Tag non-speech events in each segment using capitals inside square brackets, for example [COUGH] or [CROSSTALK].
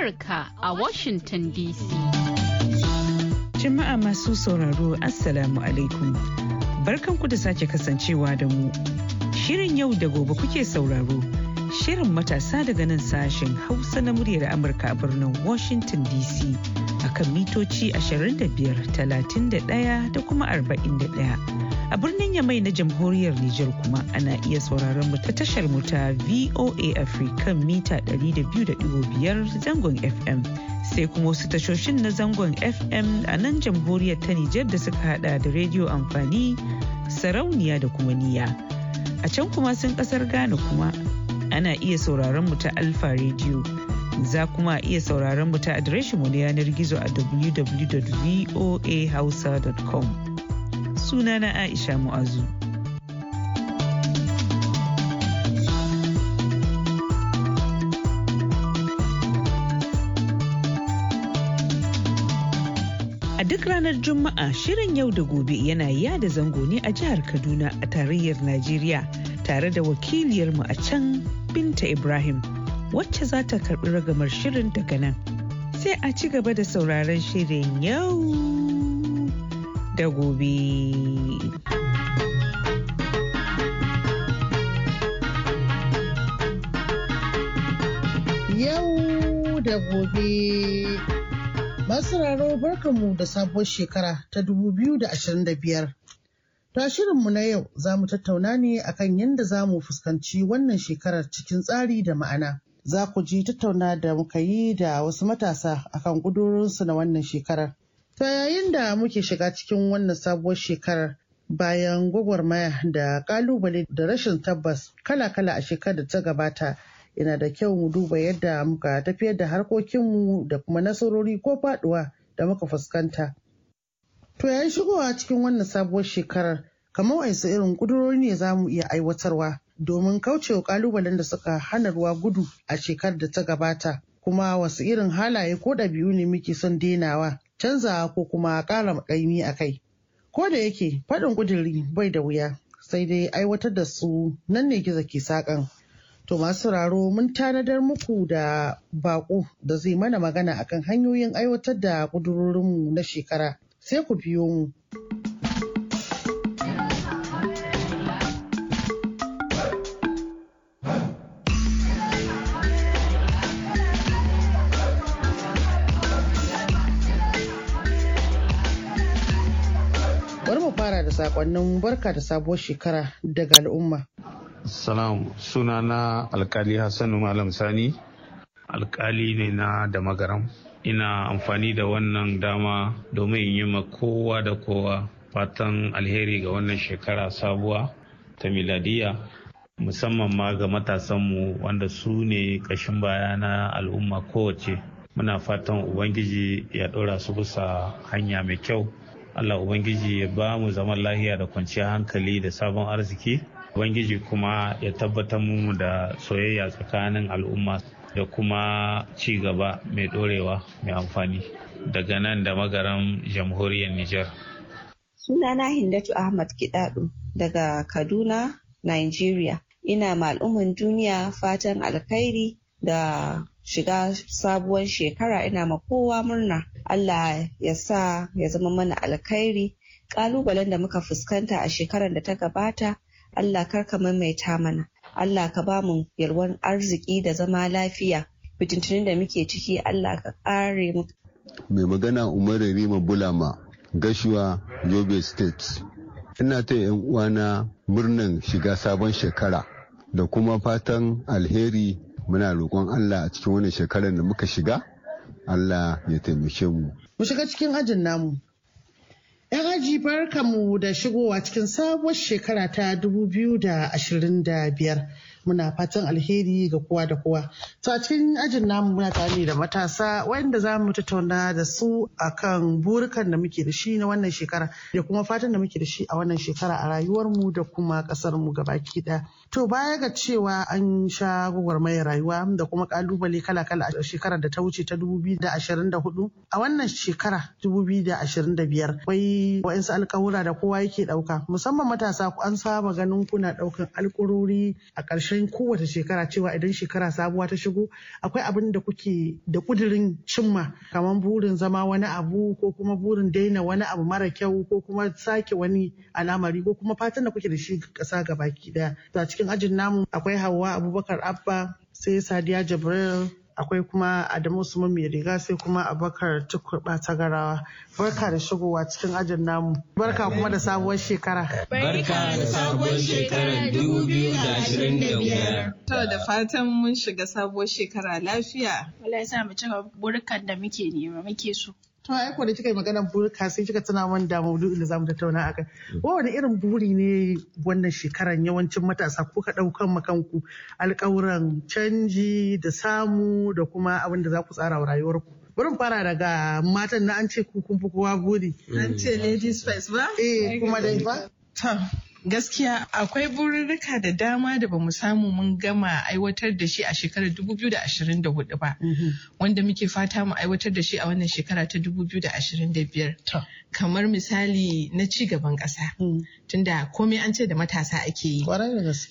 Amurka a Washington DC. Jama'a masu sauraro Assalamu alaikum. Barkanku da sake kasancewa da mu. Shirin yau da gobe kuke sauraro. Shirin matasa daga nan sashen Hausa na muryar Amurka a birnin Washington DC. akan mitoci 25, 31 da kuma 41. A birnin Yamai na jamhuriyar Nijar kuma ana iya sauraron mu ta tashar mu ta VOA Africa mita 200.5 zangon FM. Sai kuma wasu tashoshin na zangon FM a nan jamhuriyar ta Nijar da suka hada da rediyo amfani, sarauniya da kuma niya. A can kuma sun kasar Ghana kuma ana iya sauraron mu ta Alfa rediyo Za kuma iya sauraron mu ta adireshin mu na yanar gizo a www.voahausa.com. sunana Aisha Mu'azu. A duk ranar Juma'a shirin yau da gobe yana yada zango ne a jihar Kaduna a tarayyar Najeriya tare da wakiliyarmu a can Binta Ibrahim wacce za ta karɓi ragamar shirin daga nan. Sai a ci gaba da sauraron shirin yau da gobe. Yau da gobe. Masararo barkanmu da sabuwar shekara ta 2025. Ta shirinmu na yau za mu tattauna ne akan yadda za mu fuskanci wannan shekarar cikin tsari da ma'ana. Za ku ji tattauna da muka yi da wasu matasa akan kudurinsu na wannan shekarar. Ta yayin da muke shiga cikin wannan sabuwar shekarar bayan gwagwarmaya da kalubale da rashin tabbas kala-kala a shekarar da ta gabata yana da kyau mu duba yadda muka tafiyar da harkokinmu da kuma nasarori ko faduwa da muka fuskanta. To yayin shigowa cikin wannan sabuwar shekarar kamar waɗansu irin ƙudurori ne za mu iya aiwatarwa domin kaucewa ƙalubalen da suka hana ruwa gudu a shekarar da ta gabata kuma wasu irin halaye ko ɗabi'u ne muke son denawa Canza ko kuma ƙara ƙaimi a kai. Ko da yake faɗin ƙuduri bai da wuya sai dai aiwatar da su nan ne gizo ke saƙan. To masu raro mun tanadar muku da baƙo da zai mana magana akan hanyoyin aiwatar da ƙudurorinmu na shekara sai ku biyo mu sakonnin barka da sabuwar shekara daga al'umma. Salam sunana alkali Hassan Malam Sani alkali ne na da magaram. Ina amfani da wannan dama domin yi ma kowa da kowa fatan alheri ga wannan shekara sabuwa ta miladiya musamman ma ga matasanmu wanda su ne ƙashin baya na al'umma kowace. Muna fatan Ubangiji ya ɗora su bisa hanya mai kyau Allah Ubangiji ya ba mu zaman lahiya da kwanciyar hankali da sabon arziki. Ubangiji kuma ya tabbatar mu da soyayya tsakanin al'umma da kuma ci gaba mai ɗorewa mai amfani daga nan da magaran jamhuriyar Nijar. Sunana Hindatu Ahmad Kiɗaɗu daga Kaduna, Nigeria. Ina ma duniya fatan alkhairi da shiga sabuwar shekara ina ma kowa murna Allah ya sa ya zama mana alkhairi kalubalen da muka fuskanta a shekarar da ta gabata Allah kar ka maimaita mana Allah ka ba mu yalwan arziki da zama lafiya fitintunin da muke ciki Allah ka kare mu mai magana Umar Rima Bulama Gashuwa Yobe State ina ta yan uwana murnan shiga sabon shekara da kuma fatan alheri muna roƙon Allah a cikin wani shekarar da muka shiga Allah ya taimake mu. Mu shiga cikin ajin namu. ‘Yan aji barka mu da shigowa cikin sabuwar shekara ta 2025. muna fatan alheri ga kowa da kowa to a cikin ajin namu muna tare da matasa wanda za mu tattauna da su akan burukan da muke da shi na wannan shekara da kuma fatan da muke da shi a wannan shekara a rayuwar mu da kuma kasar mu gabaki to baya ga cewa an sha gwagwarmayar rayuwa da kuma kalubale kala-kala a shekarar da ta wuce ta 2024 a wannan shekara 2025 wai wa'insu alkawura da kowa yake ɗauka musamman matasa ku an saba ganin kuna ɗaukan alkurori a ƙarshen matsayin kowace shekara cewa idan shekara sabuwa ta shigo akwai abin da kuke da kudirin cimma kamar burin zama wani abu ko kuma burin daina wani abu mara kyau ko kuma sake wani al'amari ko kuma fatan da kuke da shi ƙasa gabaki daya. A cikin ajin namu akwai Hauwa Abubakar Abba sai Sadiya Jibril akwai kuma Adamu Usman mai riga sai kuma abakar Tukurba ta garawa. Barka da shigowa cikin ajin namu. Barka kuma da sabuwar shekara. Barka da sabuwar shekara dubu biyu da ashirin da biyar. To da fatan mun shiga sabuwar shekara lafiya. Wala ya sa mu cika burkan da muke nema muke so. To ai ko da kika yi maganar burka sai kika tuna min da maudu'in da zamu tattauna akai. Mm. Wani irin buri ne wannan shekarar yawancin matasa ko ka daukan makanku alƙawuran canji da samu da kuma abin da za ku tsara wa rayuwarku. Bari fara daga matan na an ce ku kun fi kowa buri. An ce ladies first ba? Eh kuma dai ba. gaskiya akwai bururruka da dama da ba mu samu mun gama aiwatar da shi a shekarar 2024 ba mm-hmm. wanda muke fata mu aiwatar da shi a wannan shekara ta 2025 kamar misali na ci gaban ƙasa mm. tunda komai an ce da matasa ake yi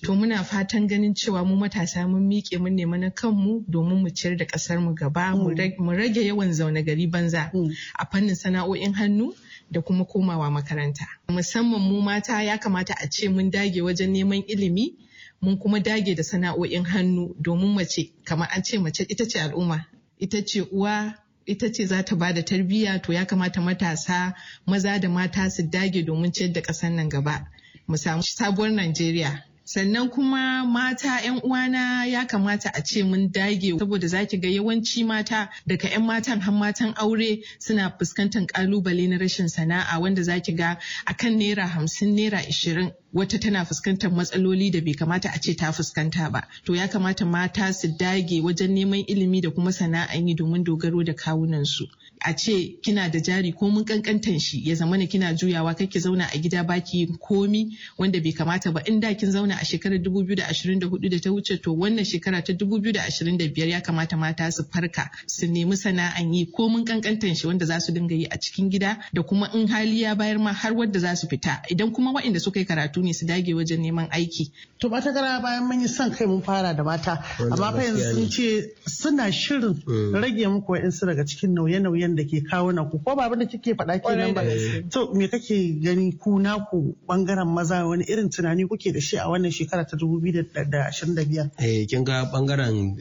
to muna fatan ganin cewa mu matasa mun miƙe mun nema na kanmu domin mu ciyar da ƙasar mu mm. gaba mu rage yawan zaune gari banza mm. a fannin sana'o'in hannu da kuma komawa makaranta. Musamman mu mata ya kamata a ce mun dage wajen neman ilimi mun kuma dage da sana'o'in hannu domin mace kamar an ce mace ita ce al'umma ita ce uwa ita ce za ta bada tarbiyya to ya kamata matasa maza da mata su dage domin ciyar da ƙasar nan gaba. Mu samu sabuwar Najeriya sannan kuma mata 'yan uwana ya kamata a ce mun dage saboda zaki ga yawanci mata daga 'yan matan har matan aure suna fuskantar kalubale na rashin sana'a wanda zaki ga a kan naira hamsin naira ashirin wata tana fuskantar matsaloli da bai kamata a ce ta fuskanta ba to ya kamata mata su dage wajen neman ilimi da kuma sana'a yi domin dogaro da kawunansu a ce kina da jari ko mun kankantan shi ya zama na kina juyawa kai ki zauna a gida baki yin komi wanda bai kamata ba in da kin zauna a shekarar 2024 da ta wuce to wannan shekara ta 2025 ya kamata mata su farka su nemi sana'an yi ko mun kankantan shi wanda za su dinga yi a cikin gida da kuma in hali ya bayar ma har wadda za su fita idan kuma waɗanda suka yi karatu ne su dage wajen neman aiki. To mata gara bayan mun yi son kai mun fara da mata amma fa yanzu sun ce suna shirin mm. rage muku wa'insu daga cikin nauye-nauyen dalilan da ke kawo na ku ko ba abinda kike faɗa nan ba to me kake gani ku naku bangaren maza wani irin tunani kuke da shi a wannan shekara ta 2025 eh kin ga bangaren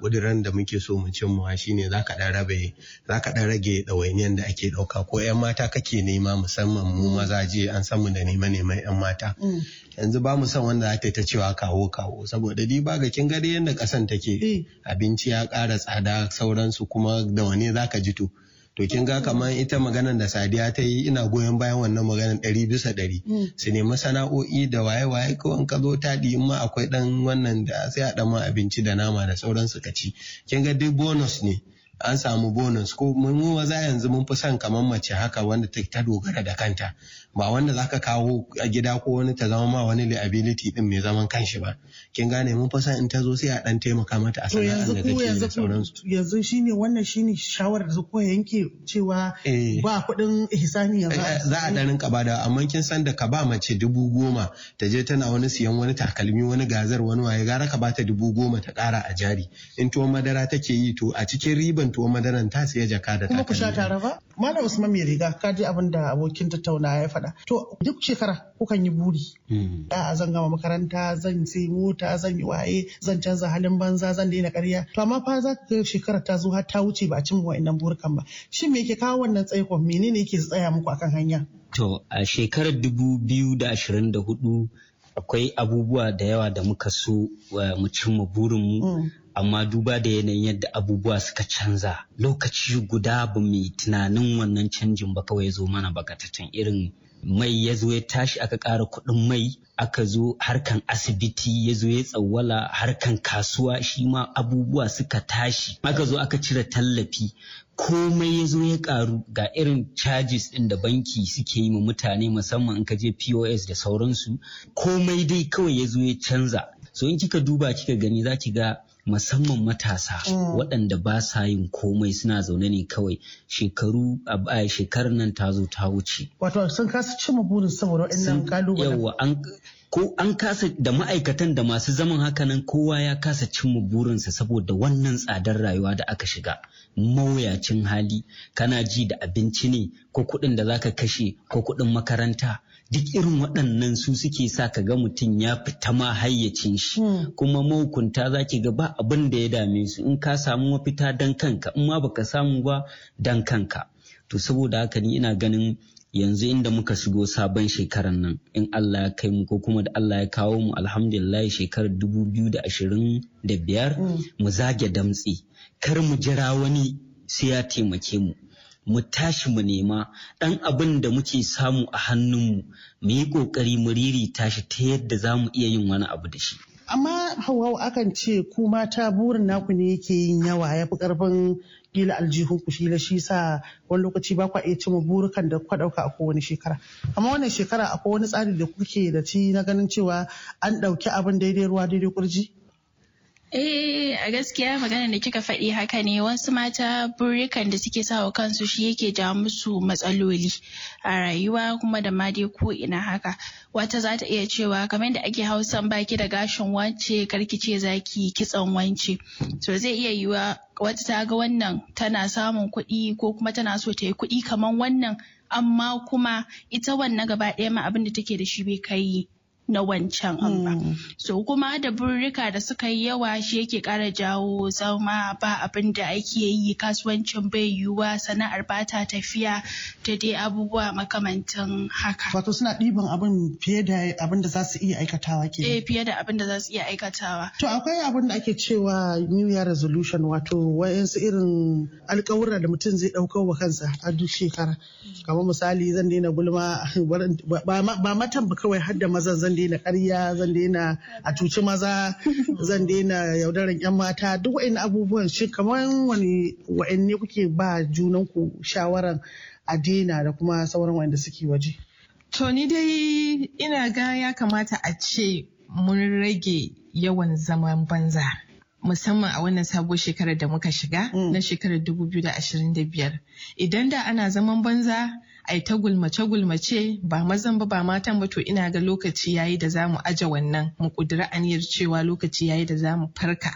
kudiran da muke so mu cimma shine zaka dan rabe zaka dan rage dawainiyan da ake ɗauka ko yan mata kake nema musamman mu maza je an mu da nema neman yan mata mm. yanzu ba mu san wanda za ta ta cewa kawo kawo saboda di ba ga kin da yadda kasan take eh. abinci ya ƙara tsada sauransu kuma da wane zaka ka ji to to kin ga kamar ita maganar da sadiya ta yi ina goyon bayan wannan magana ɗari bisa ɗari mm. su nemi sana'o'i da waye-waye kawai ka zo taɗi in ma akwai ɗan wannan da sai a ɗan abinci da nama da sauransu ka ci kin ga duk bonus ne an samu bonus ko mu maza yanzu mun fi son kamar mace haka wanda ta dogara da kanta ba wanda za ka kawo a gida ko wani ta zama ma wani liability din mai zaman kanshi ba kin gane mun fi son in ta zo sai a dan taimaka mata a sana'ar da take da sauransu yanzu shine wannan shine shawarar da ko yanke cewa eh. ba kuɗin ihsani yanzu eh, za a dan rinka da amma kin san da ka ba mace dubu goma ta je tana wani siyan wani takalmi wani gazar wani waye gara ka ba ta dubu goma ta ƙara a jari in tuwon madara take yi to a cikin riban kwanan tuwo madaran ta siya jaka da takalmi. Kuma ku sha tare ba? Malam Usman mai riga ka ji abin da abokin tattauna ya faɗa. To duk shekara kukan yi buri. Hmm. Da zan gama makaranta zan sai mota zan yi waye zan canza halin banza zan daina ƙarya. To amma fa za ka shekara ta zo har ta wuce ba a cimma wa'annan burukan ba. Shin me yake kawo wannan tsaikon menene yake tsaya muku akan hanya? To a shekarar dubu biyu da ashirin da hudu akwai abubuwa da yawa da muka so eh, mu cimma burinmu. Hmm. amma duba da yanayin yadda abubuwa suka canza lokaci guda ba mai tunanin wannan canjin ba kawai ya zo mana bakatatan irin mai ya zo ya tashi aka ƙara kuɗin mai aka zo harkan asibiti ya zo ya tsawwala harkan kasuwa shi ma abubuwa suka tashi aka zo aka cire tallafi komai ya zo ya ƙaru ga irin charges ɗin da banki suke yi ma mutane musamman in ka je pos da sauransu komai dai kawai ya zo ya canza so in kika duba kika gani za ki ga musamman matasa mm. waɗanda ba sa yin komai suna zaune ne kawai shekaru a baya shekarar nan ta zo ta wuce. Wato sun kasa cimma burin saboda waɗannan kalubalen. Yawwa an ko an kasa da ma'aikatan da masu zaman hakanan kowa ya kasa cimma burinsa saboda wannan tsadar rayuwa da aka shiga mawuyacin hali kana ji da abinci ne ko kuɗin da zaka kashe ko kuɗin makaranta duk irin waɗannan su suke sa ka ga mutum ya fita ma hayyacin shi hmm. kuma mahukunta za ki ga ba abin da ya dame su in ka samu mafita dan kanka in ma baka samu ba dan kanka to saboda haka ni ina ganin yanzu inda muka shigo sabon shekaran nan in Allah ya kai mu ko kuma da Allah ya kawo mu alhamdulillah shekarar biyar hmm. mu zage damtsi kar mu jira wani sai ya taimake mu mu tashi mu nema ɗan abin da muke samu a hannunmu mu yi ƙoƙari mu riri tashi ta yadda za mu iya yin wani abu da shi. Amma hauhau akan ce ku mata burin naku ne yake yin yawa ya fi ƙarfin gila aljihun ku shi, la shi sa wani lokaci ba kwa iya cimma burukan da kuka ɗauka a kowane shekara. Amma wannan shekara akwai wani tsari da kuke da ci na ganin cewa an ɗauki abin daidai ruwa daidai kurji? Eh a gaskiya maganar da kika faɗi haka ne wasu mata burikan da suke sawa kansu shi yake ja musu matsaloli a rayuwa kuma da ma dai ko ina haka wata za ta iya cewa kamar da ake hausan baki da gashin wance karki ce zaki kitson wance to zai iya yiwa wata ta ga wannan tana samun kuɗi ko kuma tana so ta yi kuɗi kamar wannan amma kuma ita wannan gaba ɗaya ma abin da take da shi bai kai na wancan ba. Hmm. So kuma da burrika da suka yi yawa shi yake kara jawo zama ba abin da ake yi kasuwancin bai yiwuwa sana'ar ba ta tafiya ta dai abubuwa makamantan haka. Wato suna ɗiban abin fiye da abin da za su iya aikatawa ke. Eh fiye da abin da za su iya aikatawa. To akwai abin da ake cewa New Year Resolution wato wayansu irin alƙawura da mutum zai ɗauka wa kansa a duk shekara. Hmm. Kamar misali zan daina gulma [LAUGHS] ba matan ba kawai har da mazan zan daina karya zan daina a cuci maza zan daina yaudaran yan mata duk wa'in abubuwan shi kamar wani wa'in kuke ba junan ku shawaran a daina da kuma sauran da suke waje. To ni dai ina ga ya kamata a ce mun rage yawan zaman banza. musamman a wannan sabuwar shekarar da muka shiga mm. na shekarar 2025 idan da ana zaman banza ai ta gulmace-gulmace ba mazan ba ba matan ba to ina ga lokaci yayi da zamu aje wannan mu kudura aniyar cewa lokaci yayi da za mu farka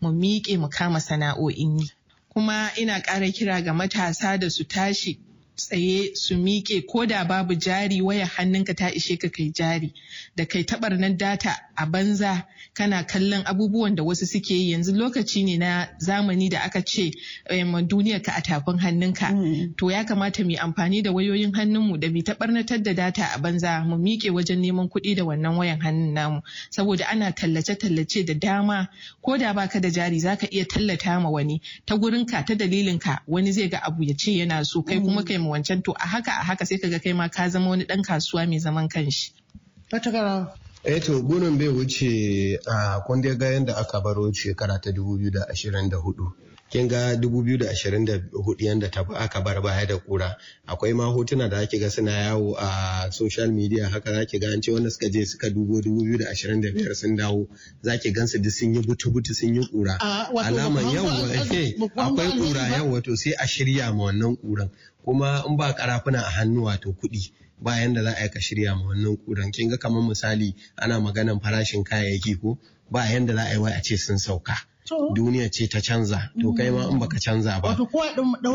mu miƙe mu kama sana'o'in yi. Kuma ina ƙara kira ga matasa da su tashi tsaye su miƙe ko da babu jari waya hannunka ta ishe ka kai jari da kai taɓarnar data a banza kana kallon abubuwan da wasu suke yi yanzu lokaci ne na zamani da aka ce eh, duniyar ka a tafin hannunka mm. to ya kamata mu amfani da wayoyin hannunmu da mu ta barnatar da data a banza mu miƙe wajen neman kuɗi da wannan wayan hannun namu saboda ana tallace-tallace da dama ko da baka da jari zaka iya tallata ma wani ta gurin ka ta dalilin ka wani zai ga abu ya ce yana so kai kuma mm. kai mu wancan to a haka a haka sai kaga kai ma ka zama wani dan kasuwa mai zaman kanshi. eh to gunan bai wuce a kundin ga yadda aka baro shekara ta 2024 kin ga 2024 yadda ta aka bar baya da kura akwai ma hotuna da ake ga suna yawo a social media haka zaki ga an ce wanda suka je suka dubo 2025 sun dawo zaki gansu duk sun yi butu-butu sun yi kura alaman yawa [LAUGHS] eh, akwai kura yau wato sai a shirya ma wannan kuran kuma in ba karafuna a hannu wato kuɗi bayan da za a yi ka shirya ma wannan kudan kin ga kamar misali ana maganan farashin kayayyaki ko ba yanda za a yi wai a ce sun sauka duniya ce ta canza to kai ma in baka canza ba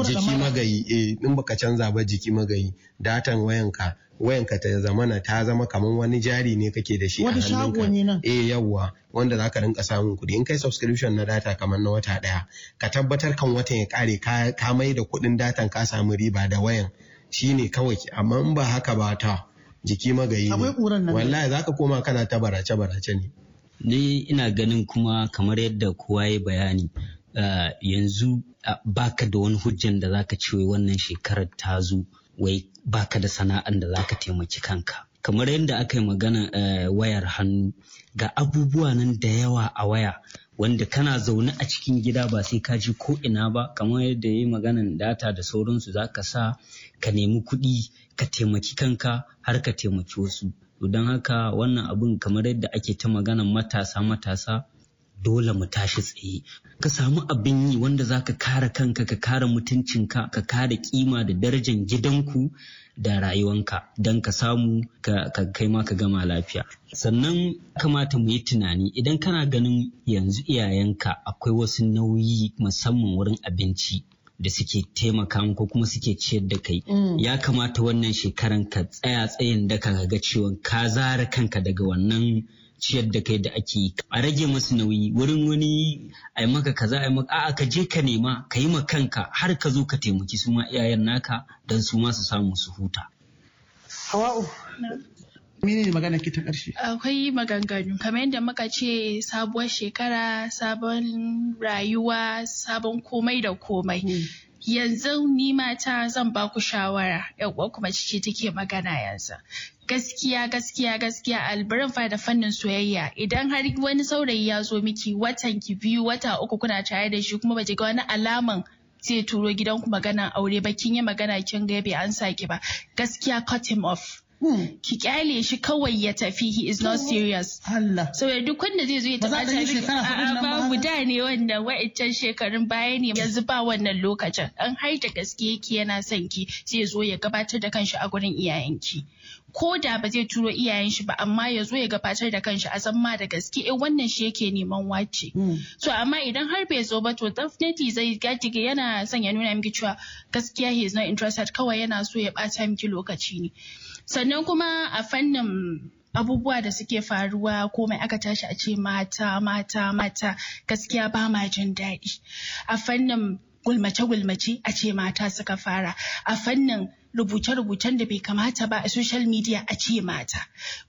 jiki magayi eh in baka canza ba jiki magayi datan wayanka wayanka ta zamana ta zama kamar wani jari ne kake da shi a hannunka eh yawwa wanda zaka rinka samun kuɗi in kai subscription na data kamar na wata daya ka tabbatar kan watan ya kare ka mai da kuɗin datan ka samu riba da wayan shine kawai amma in ba haka ba ta jiki magayi ne wallahi zaka koma kana ta barace barace ne ni ina ganin kuma kamar yadda kowa ya bayani uh, yanzu baka da wani hujjan da zaka ce wannan shekarar ta zo wai baka da sana'an da zaka taimaki kanka kamar yadda aka yi magana uh, wayar hannu ga abubuwa nan da yawa a waya wanda kana zaune a cikin gida ba sai ka ji ko ina ba kamar yadda ya yi maganan data da sauransu za ka sa ka nemi kuɗi ka taimaki kanka har ka taimaki wasu don haka wannan abun kamar yadda ake ta magana matasa matasa dole mu tashi tsaye ka samu abin yi wanda za ka kare kanka ka kare mutuncinka ka kare kima da darajar gidanku da rayuwanka don ka samu ka kai ma ka gama lafiya sannan kamata mu yi tunani idan kana ganin yanzu iyayenka akwai wasu nauyi musamman wurin abinci da suke taimaka ko kuma suke ciyar da kai mm. ya kamata wannan shekaran ka tsaya tsayin daka ka ga cewa ka zara kanka daga wannan ciyar da kai da ake a rage masu nauyi wurin wani a yi maka kaza a yi maka a'a ka je ka nema ka yi ma kanka har ka zo ka taimaki su ma iyayen naka don su ma su samu su huta Mene ne magana ki ta ƙarshe? Akwai maganganu kamar yadda muka ce sabuwar shekara, sabon rayuwa, sabon komai da komai. Hmm. Yanzu ni mata zan ba ku shawara, uwa kuma ciki take magana yanzu. Gaskiya gaskiya gaskiya albarin fa da fannin soyayya idan har wani saurayi ya zo miki watan ki biyu wata uku kuna tare da shi kuma ba ga wani alaman zai turo ku maganan aure ba kin yi magana kin ga bai an saki ba gaskiya cut him off Hmm. ki kyale shi kawai ya tafi he is not serious so ya duk wanda zai zo ya taba ta ba mu da ne wannan wa'ancan shekarun baya ne yanzu ba wannan lokacin an da gaske yake yana son ki zai zo ya gabatar da kanshi a gurin iyayenki ko da ba zai turo iyayen shi ba amma ya zo ya gabatar da kanshi a san da gaske eh wannan shi yake neman wace hmm. so amma idan har bai zo ba to definitely zai gaji yana son ya nuna miki cewa gaskiya he is not interested kawai yana so ya bata miki lokaci ne sannan kuma a fannin abubuwa da suke faruwa komai aka tashi a ce mata mata mata gaskiya ba ma jin daɗi a fannin gulmace-gulmace a ce mata suka fara a fannin rubuce-rubucen da bai kamata ba a social media a ce mata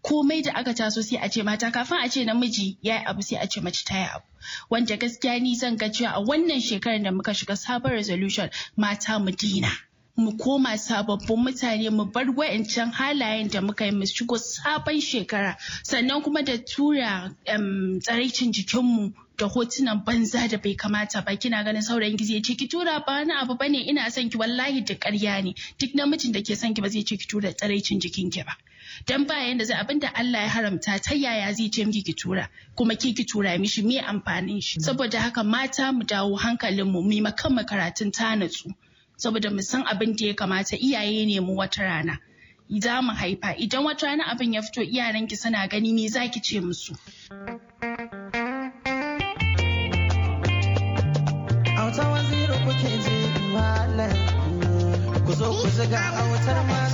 komai da aka taso sai a ce mata kafin a ce namiji ya yi abu sai a ce mace ta yi abu wanda gaskiya ni zan ga cewa a wannan shekarar da muka shiga sabon resolution mata mu dina mu koma sababbin mutane mu bar wa'ancan halayen da muka yi mu shigo sabon shekara sannan kuma da tura tsaraicin jikinmu da hotunan banza da bai kamata ba kina ganin sauran gizi ya ce ki tura ba wani abu bane ina son ki wallahi da ƙarya ne duk namijin da ke son ki ba zai ce ki tura tsaraicin jikin ki ba dan ba yanda zai abinda Allah ya haramta ta yaya zai ce miki ki tura kuma ki ki tura mishi me amfanin shi mm. saboda haka mata mu dawo hankalin mu mu karatun ta natsu saboda mu san abin da ya kamata iyaye ne mu wata rana za mu haifa idan wata rana abin ya fito iyayenki suna gani me ki ce musu ku zo ku a wutar malam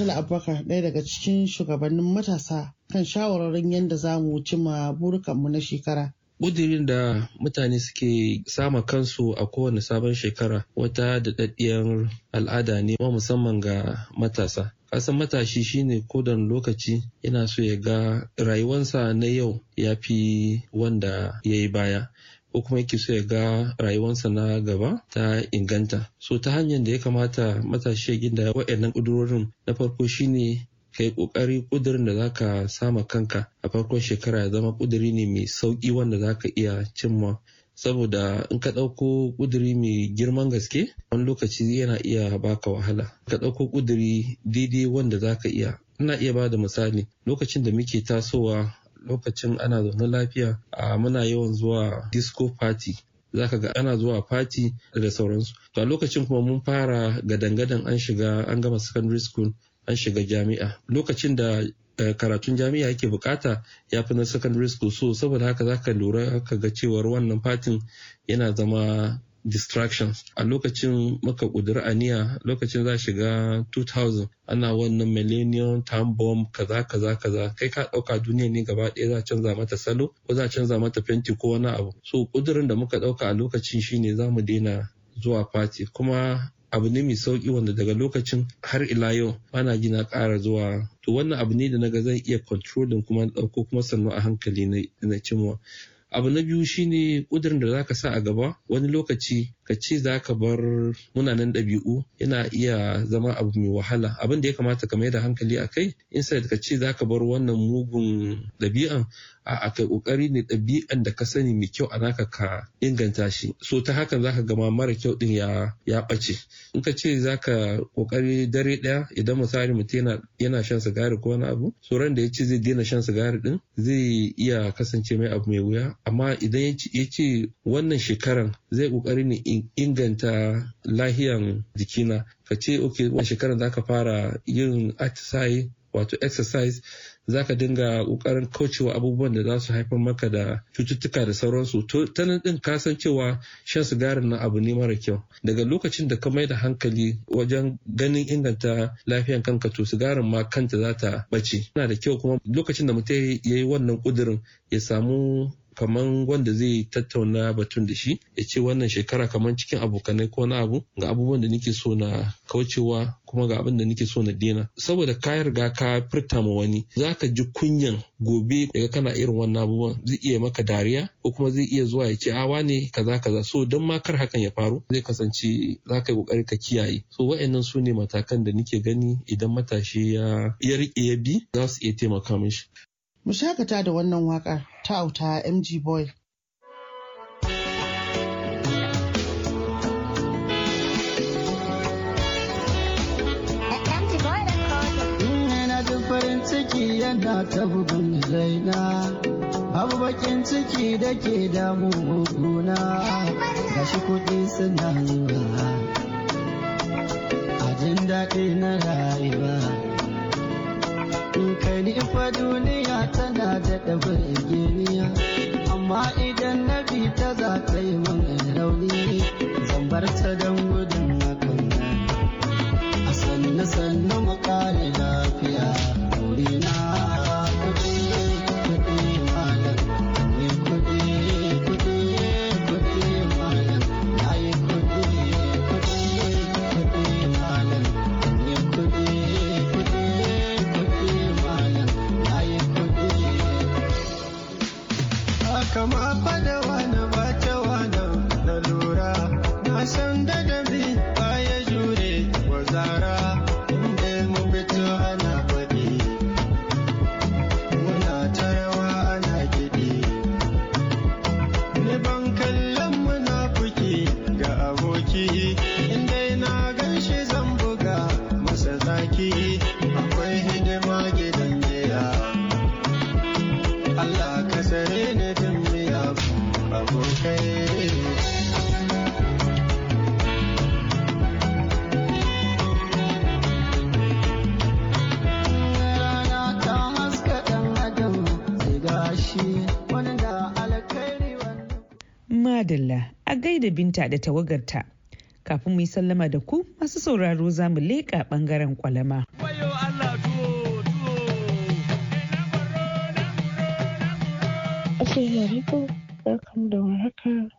Murtala Abubakar ɗaya daga cikin shugabannin matasa kan shawararin yadda za mu cimma burukanmu na shekara. ƙudirin da mutane suke sama kansu a kowane sabon shekara wata daɗaɗɗiyar al'ada ne wa musamman ga matasa. Kasan matashi shine kodan lokaci yana so ya ga rayuwansa na yau ya fi wanda ya yi baya. ko kuma yake so ya ga rayuwarsa na gaba ta inganta so ta hanyar da ya kamata matashi ya gida wa'annan ƙudurorin na farko shine ka yi ƙoƙari ƙudurin da zaka sama kanka a farkon shekara ya zama ƙuduri ne mai sauƙi wanda zaka iya cimma saboda in ka ɗauko ƙuduri mai girman gaske wani lokaci yana iya baka wahala ka ɗauko ƙuduri daidai wanda zaka iya ina iya ba da misali lokacin da muke tasowa lokacin ana zaune lafiya a muna yawan zuwa disco party za ka ga ana zuwa party da sauransu to a lokacin kuma mun fara gadangadan an shiga an gama secondary school an shiga jami'a lokacin da eh, karatun jami'a yake bukata ya fi na secondary school so saboda haka za ka lura ka ga cewar wannan fatin yana zama distractions a lokacin maka a aniya lokacin za shiga 2000 ana wannan millennium time bomb kaza kaza kaza kai ka ɗauka duniya ne gaba ɗaya za canza mata salo ko za canza mata fenti ko wani abu so ƙudurin da muka ɗauka a lokacin shine za mu daina zuwa fati kuma abu ne mai sauki wanda daga lokacin har ila yau bana gina na ƙara zuwa to wannan abu ne da naga zan iya controlling kuma ɗauko kuma sannu a hankali na cimma abu na biyu shine kudirin da zaka sa a gaba wani lokaci ka ce za ka bar munanan ɗabi'u yana iya zama abu mai wahala abin da ya kamata ka mai da hankali a kai instead ka ce za ka bar wannan mugun ɗabi'an a kai kokari ne ɗabi'an da ka sani mai kyau a naka ka inganta shi so ta haka zaka gama mara kyau ɗin ya ya ɓace in ka ce zaka kokari dare ɗaya idan misali mutum yana yana shan sigari ko wani abu so ran da ya ce zai daina shan sigari ɗin zai iya kasance mai abu mai wuya amma idan ya ce wannan shekaran zai kokari ne inganta lahiyan jikina ka ce ok wannan shekaran zaka fara yin atisaye wato exercise za ka dinga ƙoƙarin kaucewa abubuwan da za su haifar maka da cututtuka da sauransu to ta nan din ka san cewa shan sigarin nan abu ne mara kyau daga lokacin da ka mai da hankali wajen ganin inganta lafiyan kanka to sigarin ma kanta za ta bace yana da kyau kuma lokacin da mutum ya yi wannan ƙudurin ya samu kaman wanda zai tattauna batun da shi ya ce wannan shekara kaman cikin abokanai ko na abu ga abubuwan da nake so na kaucewa kuma ga abin da nake so na dena saboda ka riga ka furta ma wani zaka ji kunyan gobe daga kana irin wannan abubuwan zai iya maka dariya ko kuma zai iya zuwa ya ce awa ne kaza kaza so don ma kar hakan ya faru zai kasance zaka yi kokari ka kiyaye so wa'annan su ne matakan da nake gani idan matashi ya ya rike ya bi za su iya taimaka mishi Mu shakata da wannan waƙar ta auta MG Boy. ciki yana ta bugun raina babu bakin ciki da ke damu Ga gashi kuɗi suna zuwa a jin daɗi na rayuwa Kani fa duniya tana da ɗabar geniya, amma idan na bi ta za ta yi min rauni, zambar ta don da binta da tawagarta. Kafin mu yi sallama da ku masu sauraro za mu leƙa ɓangaren kwalama. Assalamu da warhaka.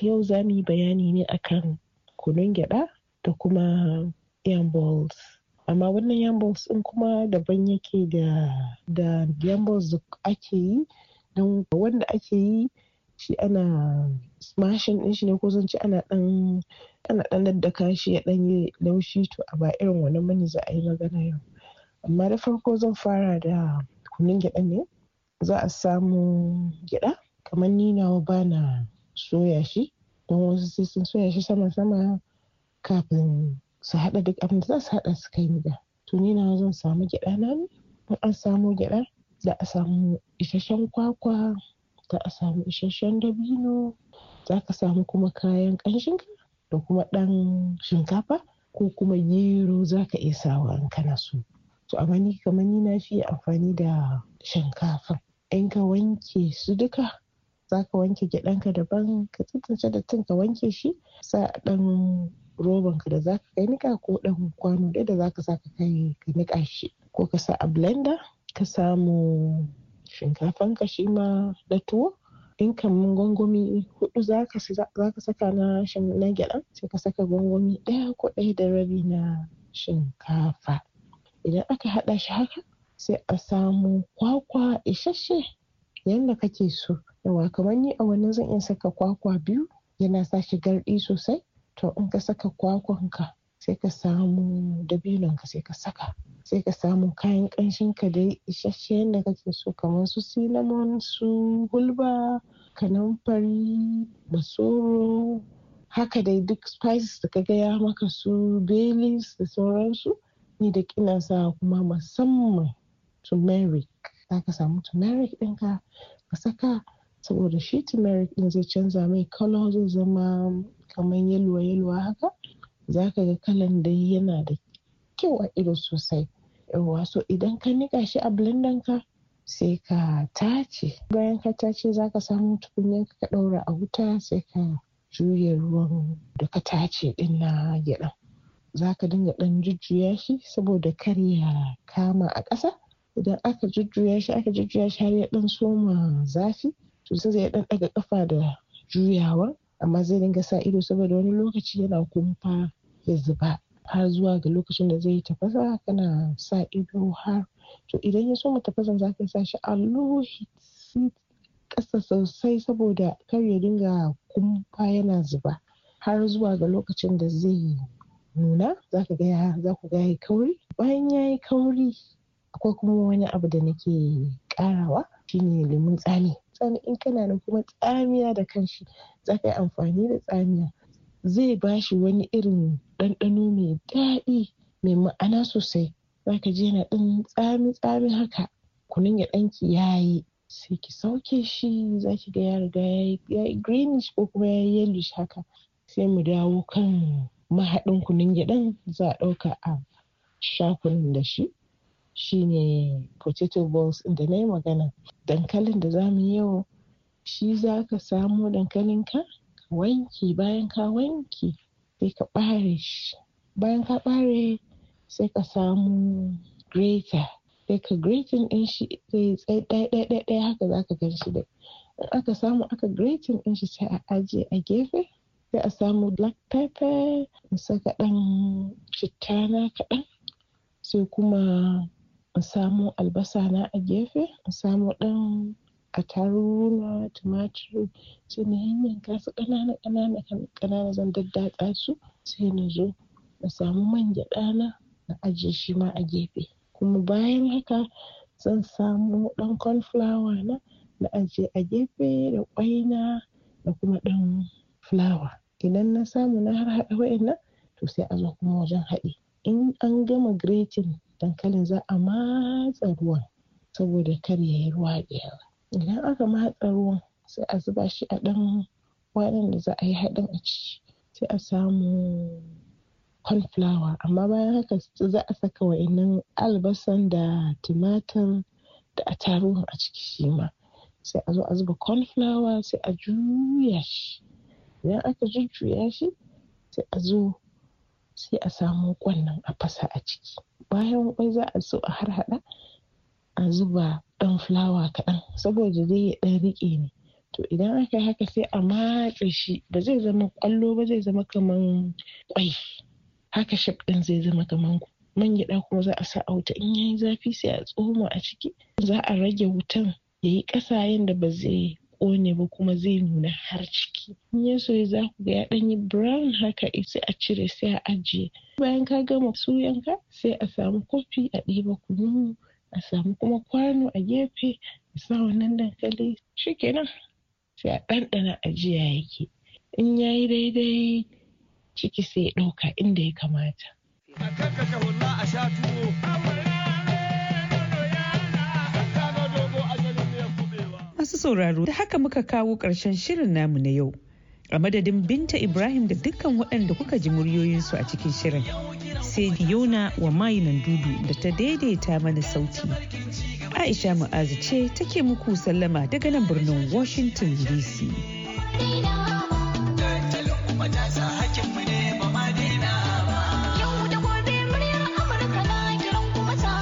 Yau za mu yi bayani ne akan kunun gyaɗa da kuma yam balls. Amma wannan yam balls ɗin kuma daban yake da da yam balls da ake yi don wanda ake yi shi ana mashin din shi ne ko zan ci ana ɗan ana dan daddaka shi ya ɗan yi laushi to a ba irin wani bane za a yi magana yau amma da farko zan fara da kunun gyaɗa ne za a samu gyaɗa kamar ni nawa ba soya shi don wasu sai sun soya shi sama-sama kafin su haɗa duk abin da za su haɗa su kai gida to ni nawa zan samu gyaɗa na ne in an samu gyaɗa za a samu isasshen kwakwa za a samu isasshen dabino za ka samu kuma kayan ƙanshinka da kuma ɗan shinkafa ko kuma gero za ka iya sawa in kana so to amma ni kamar ni na fi amfani da shinkafa in ka wanke su duka za ka wanke gyaɗanka daban ka da dattin ka wanke shi sa ɗan robanka da za ka kai nika ko ɗan kwano ɗaya da za ka sa ka kai ka nika shi ko ka sa a blender ka samu shinkafanka shi ma da tuwo in kaman gwangwami hudu za ka saka na na gyaɗa sai ka saka gwangwami ɗaya ko ɗaya da rabi na shinkafa idan aka haɗa shi haka sai a samu kwakwa isasshe yadda kake so yawa kamar ni a wannan zan iya saka kwakwa biyu yana sa shi garɗi sosai to in ka saka kwakwanka sai ka samu dabinonka sai ka saka sai ka samu kayan ƙanshin ka dai isasshe yadda kake so kamar su cinnamon su hulba kanamfari masoro haka dai duk spices da ka gaya maka su baileys da sauransu ni da kina sa kuma musamman turmeric za ka samu turmeric ɗinka ka saka saboda shi turmeric ɗin zai canza mai kalo zai zama kamar yalwa yalwa haka za ka ga kalan dai yana da kyau a ido sosai yawwa so idan ka nika shi a blender ka sai ka tace bayan ka tace za ka samu tukunyar ka ɗaura a wuta sai ka juya ruwan da ka tace din na gyaɗa za ka dinga ɗan jujjuya shi saboda kar ya kama a ƙasa idan aka jujjuya shi aka jujjuya shi har ya ɗan soma zafi to sai zai ɗan ɗaga ƙafa da juyawa amma zai dinga sa ido saboda wani lokaci yana kumfa ya zuba har zuwa ga lokacin da zai tafasa kana sa ido har to idan ya soma tafasan za ka sa shi a low ƙasa sosai saboda kar ya dinga kumfa yana zuba har zuwa ga lokacin da zai nuna za ga ku ga kauri bayan ya yi kauri akwai kuma wani abu da nake karawa shine lemun tsami in kana da kuma tsamiya da kanshi za ka yi amfani da tsamiya zai bashi wani irin ɗanɗano mai daɗi mai ma'ana sosai Za ka je yana ɗan tsami tsami haka kunun ya ɗanki yayi sai ki sauke shi za ki ga ya riga ya yi greenish ko kuma ya yi yellowish haka sai mu dawo kan mahaɗin kunun gyaɗan za a ɗauka a shakunan da shi Shi ne potato balls inda na yi magana dankalin da za mu yi yau shi za ka samo dankalinka? wanki bayan ka wanki sai ka ɓare shi bayan ka ɓare sai ka samu grater sai ka grating ɗin shi sai ɗaya haka za ka gan shi da in aka samu aka grating ɗin shi sai a ajiye a gefe sai a samu black pepper in saka ɗan citta na kaɗan sai kuma in samu albasa na a gefe in samu ɗan attarugu na tumatur sai na yanyanka su ƙanana ƙanana ƙanana zan daddatsa su sai na zo na samu man gyaɗa na na ajiye shi ma a gefe kuma bayan haka zan samu ɗan corn flour na na ajiye a gefe da ƙwai na da kuma ɗan fulawa idan na samu na har haɗa to sai a zo kuma wajen haɗi in an gama grating dankalin za a matsa ruwan saboda kar ya yi ruwa da yawa idan aka matsa ruwan sai a zuba shi a ɗan kwanan da za a yi haɗin a ciki sai a samu corn flour amma bayan haka za a saka wa'innan albasan da tumatir da attaruhu a ciki shi ma sai a zo a zuba corn flour sai a juya shi idan aka jujjuya shi sai a zo sai a samu ƙwan nan a fasa a ciki bayan kwai za a so a harhaɗa a zuba ɗan fulawa kaɗan saboda dai ya ɗan riƙe ne to idan aka yi haka sai a matse shi ba zai zama ƙwallo ba zai zama kaman ƙwai haka shaf ɗin zai zama kaman man gyaɗa kuma za a sa a wuta in ya yi zafi sai a tsoma a ciki za a rage wutan ya yi ƙasa yadda ba zai ƙone ba kuma zai nuna har ciki in ya soya za ku ga ya ɗan yi brown haka sai a cire sai a ajiye bayan ka gama yanka sai a samu kofi a ɗiba kunu a samu kuma kwano a gefe a sa wannan dankali shikenan sai a ɗanɗana ajiya yake in ya yi daidai ciki sai ya ɗauka inda ya kamata. masu sauraro da haka muka kawo ƙarshen shirin namu na yau a madadin binta ibrahim da dukkan waɗanda kuka ji muryoyinsu a cikin shirin sai wa mainan dudu da ta daidaita mana sauti. Aisha Mu'azu ce take muku sallama daga nan birnin Washington DC.